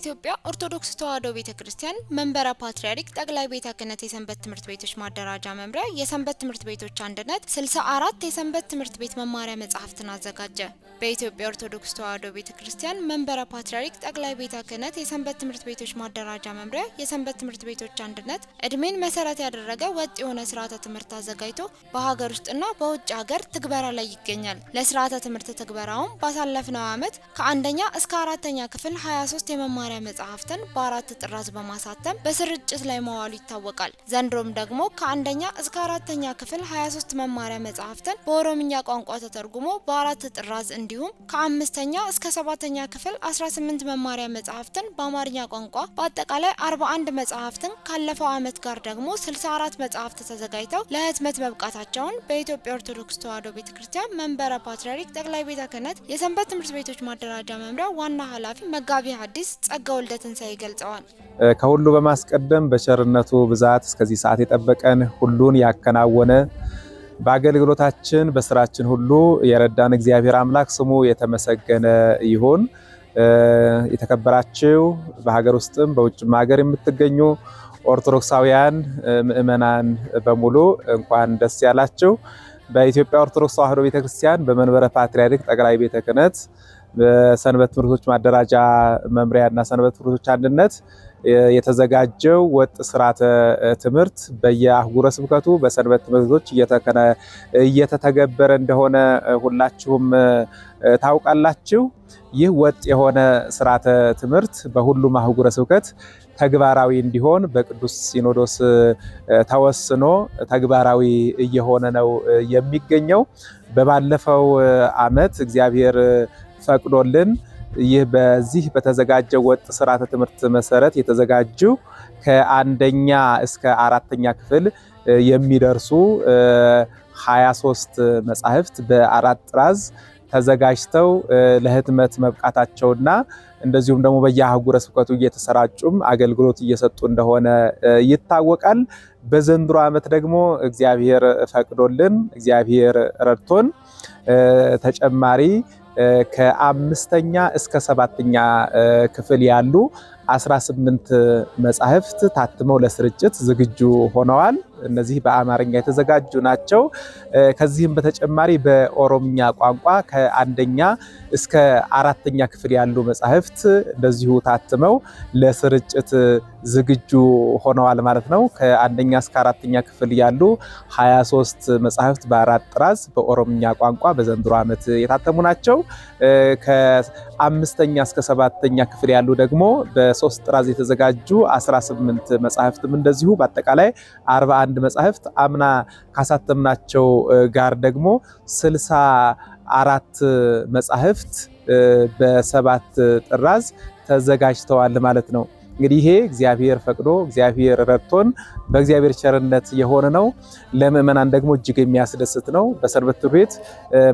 በኢትዮጵያ ኦርቶዶክስ ተዋሕዶ ቤተ ክርስቲያን መንበረ ፓትርያርክ ጠቅላይ ቤተ ክህነት የሰንበት ትምህርት ቤቶች ማደራጃ መምሪያ የሰንበት ትምህርት ቤቶች አንድነት 64 የሰንበት ትምህርት ቤት መማሪያ መጽሐፍትን አዘጋጀ። በኢትዮጵያ ኦርቶዶክስ ተዋሕዶ ቤተ ክርስቲያን መንበረ ፓትርያርክ ጠቅላይ ቤተ ክህነት የሰንበት ትምህርት ቤቶች ማደራጃ መምሪያ የሰንበት ትምህርት ቤቶች አንድነት እድሜን መሰረት ያደረገ ወጥ የሆነ ስርዓተ ትምህርት አዘጋጅቶ በሀገር ውስጥና በውጭ ሀገር ትግበራ ላይ ይገኛል። ለስርዓተ ትምህርት ትግበራውም ባሳለፍነው ዓመት ከአንደኛ እስከ አራተኛ ክፍል 23 የመማ የመማሪያ መጽሐፍትን በአራት ጥራዝ በማሳተም በስርጭት ላይ መዋሉ ይታወቃል። ዘንድሮም ደግሞ ከአንደኛ እስከ አራተኛ ክፍል 23 መማሪያ መጽሐፍትን በኦሮምኛ ቋንቋ ተተርጉሞ በአራት ጥራዝ እንዲሁም ከአምስተኛ እስከ ሰባተኛ ክፍል 18 መማሪያ መጽሐፍትን በአማርኛ ቋንቋ በአጠቃላይ 41 መጽሐፍትን ካለፈው ዓመት ጋር ደግሞ 64 መጽሐፍት ተዘጋጅተው ለህትመት መብቃታቸውን በኢትዮጵያ ኦርቶዶክስ ተዋሕዶ ቤተ ክርስቲያን መንበረ ፓትርያርክ ጠቅላይ ቤተ ክህነት የሰንበት ትምህርት ቤቶች ማደራጃ መምሪያ ዋና ኃላፊ መጋቢ ሐዲስ ጸጋ ወልደ ትንሣኤ ይገልጸዋል። ከሁሉ በማስቀደም በቸርነቱ ብዛት እስከዚህ ሰዓት የጠበቀን ሁሉን ያከናወነ በአገልግሎታችን በስራችን ሁሉ የረዳን እግዚአብሔር አምላክ ስሙ የተመሰገነ ይሁን። የተከበራችሁ በሀገር ውስጥም በውጭም ሀገር የምትገኙ ኦርቶዶክሳውያን ምእመናን በሙሉ እንኳን ደስ ያላችሁ። በኢትዮጵያ ኦርቶዶክስ ተዋሕዶ ቤተክርስቲያን በመንበረ ፓትርያርክ ጠቅላይ ቤተ ክህነት በሰንበት ትምህርቶች ማደራጃ መምሪያ እና ሰንበት ትምህርቶች አንድነት የተዘጋጀው ወጥ ስርዓተ ትምህርት በየአህጉረ ስብከቱ በሰንበት ትምህርቶች እየተተገበረ እንደሆነ ሁላችሁም ታውቃላችሁ። ይህ ወጥ የሆነ ስርዓተ ትምህርት በሁሉም አህጉረ ስብከት ተግባራዊ እንዲሆን በቅዱስ ሲኖዶስ ተወስኖ ተግባራዊ እየሆነ ነው የሚገኘው። በባለፈው ዓመት እግዚአብሔር ፈቅዶልን ይህ በዚህ በተዘጋጀው ወጥ ስርዓተ ትምህርት መሰረት የተዘጋጁ ከአንደኛ እስከ አራተኛ ክፍል የሚደርሱ 23 መጻሕፍት በአራት ጥራዝ ተዘጋጅተው ለህትመት መብቃታቸውና እንደዚሁም ደግሞ በየአህጉረ ስብከቱ እየተሰራጩም አገልግሎት እየሰጡ እንደሆነ ይታወቃል። በዘንድሮ ዓመት ደግሞ እግዚአብሔር ፈቅዶልን እግዚአብሔር ረድቶን ተጨማሪ ከአምስተኛ እስከ ሰባተኛ ክፍል ያሉ 18 መጻሕፍት ታትመው ለስርጭት ዝግጁ ሆነዋል። እነዚህ በአማርኛ የተዘጋጁ ናቸው። ከዚህም በተጨማሪ በኦሮምኛ ቋንቋ ከአንደኛ እስከ አራተኛ ክፍል ያሉ መጻሕፍት እንደዚሁ ታትመው ለስርጭት ዝግጁ ሆነዋል ማለት ነው። ከአንደኛ እስከ አራተኛ ክፍል ያሉ 23 መጻሕፍት በአራት ጥራዝ በኦሮምኛ ቋንቋ በዘንድሮ ዓመት የታተሙ ናቸው። ከአምስተኛ እስከ ሰባተኛ ክፍል ያሉ ደግሞ በሶስት ጥራዝ የተዘጋጁ 18 መጻሕፍትም እንደዚሁ በአጠቃላይ 41 አንድ መጽሐፍት አምና ካሳተምናቸው ጋር ደግሞ 64 መጽሐፍት በሰባት ጥራዝ ተዘጋጅተዋል ማለት ነው። እንግዲህ ይሄ እግዚአብሔር ፈቅዶ እግዚአብሔር ረድቶን በእግዚአብሔር ቸርነት የሆነ ነው። ለምእመናን ደግሞ እጅግ የሚያስደስት ነው። በሰንበት ቤት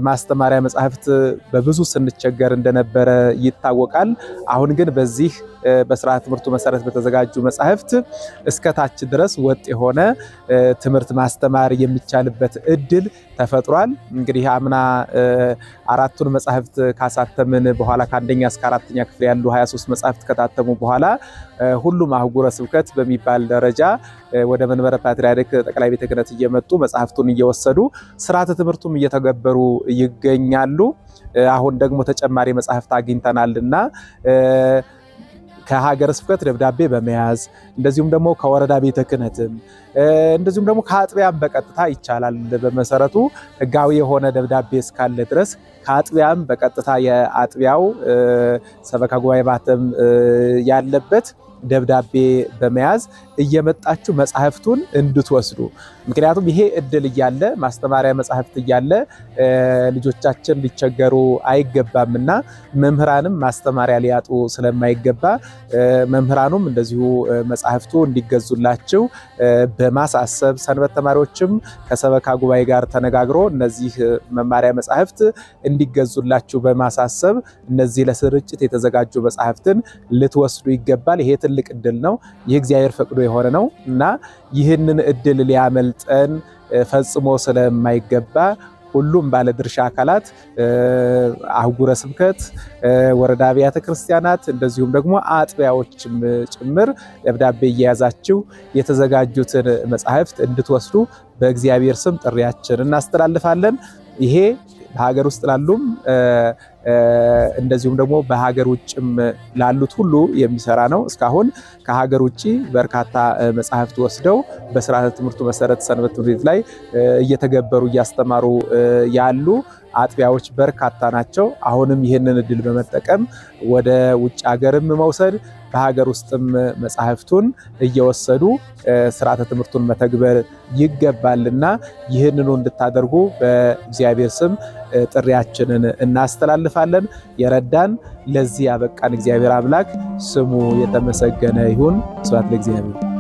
ማስተማሪያ መጽሐፍት በብዙ ስንቸገር እንደነበረ ይታወቃል። አሁን ግን በዚህ በስርዓተ ትምህርቱ መሰረት በተዘጋጁ መጽሐፍት እስከታች ድረስ ወጥ የሆነ ትምህርት ማስተማር የሚቻልበት እድል ተፈጥሯል። እንግዲህ አምና አራቱን መጽሐፍት ካሳተምን በኋላ ከአንደኛ እስከ አራተኛ ክፍል ያሉ 23 መጽሐፍት ከታተሙ በኋላ ሁሉም አህጉረ ስብከት በሚባል ደረጃ ወደ መንበረ ፓትርያርክ ጠቅላይ ቤተ ክህነት እየመጡ መጽሐፍቱን እየወሰዱ ስርዓተ ትምህርቱም እየተገበሩ ይገኛሉ። አሁን ደግሞ ተጨማሪ መጽሐፍት አግኝተናልና ከሀገረ ስብከት ደብዳቤ በመያዝ እንደዚሁም ደግሞ ከወረዳ ቤተ ክህነትም እንደዚሁም ደግሞ ከአጥቢያም በቀጥታ ይቻላል። በመሰረቱ ህጋዊ የሆነ ደብዳቤ እስካለ ድረስ ከአጥቢያም በቀጥታ የአጥቢያው ሰበካ ጉባኤ ማተም ያለበት ደብዳቤ በመያዝ እየመጣችሁ መጽሐፍቱን እንድትወስዱ። ምክንያቱም ይሄ እድል እያለ ማስተማሪያ መጽሐፍት እያለ ልጆቻችን ሊቸገሩ አይገባምና መምህራንም ማስተማሪያ ሊያጡ ስለማይገባ መምህራኑም እንደዚሁ መጽሐፍቱ እንዲገዙላችሁ በማሳሰብ ሰንበት ተማሪዎችም ከሰበካ ጉባኤ ጋር ተነጋግሮ እነዚህ መማሪያ መጽሐፍት እንዲገዙላችሁ በማሳሰብ እነዚህ ለስርጭት የተዘጋጁ መጽሐፍትን ልትወስዱ ይገባል። ይሄ ትልቅ እድል ነው። ይህ እግዚአብሔር ፈቅዶ የሆነ ነው እና ይህንን እድል ሊያመልጠን ፈጽሞ ስለማይገባ ሁሉም ባለድርሻ አካላት አህጉረ ስብከት፣ ወረዳ አብያተ ክርስቲያናት እንደዚሁም ደግሞ አጥቢያዎችም ጭምር ደብዳቤ እየያዛችሁ የተዘጋጁትን መጽሐፍት እንድትወስዱ በእግዚአብሔር ስም ጥሪያችን እናስተላልፋለን። ይሄ በሀገር ውስጥ ላሉም እንደዚሁም ደግሞ በሀገር ውጭም ላሉት ሁሉ የሚሰራ ነው። እስካሁን ከሀገር ውጭ በርካታ መጽሐፍት ወስደው በስርዓተ ትምህርቱ መሰረት ሰንበት ትምህርት ቤት ላይ እየተገበሩ እያስተማሩ ያሉ አጥቢያዎች በርካታ ናቸው። አሁንም ይህንን እድል በመጠቀም ወደ ውጭ ሀገርም መውሰድ በሀገር ውስጥም መጽሐፍቱን እየወሰዱ ስርዓተ ትምህርቱን መተግበር ይገባልና ይህንኑ እንድታደርጉ በእግዚአብሔር ስም ጥሪያችንን እናስተላልፋለን። እናሳልፋለን። የረዳን ለዚህ ያበቃን እግዚአብሔር አምላክ ስሙ የተመሰገነ ይሁን። ስብሐት ለእግዚአብሔር።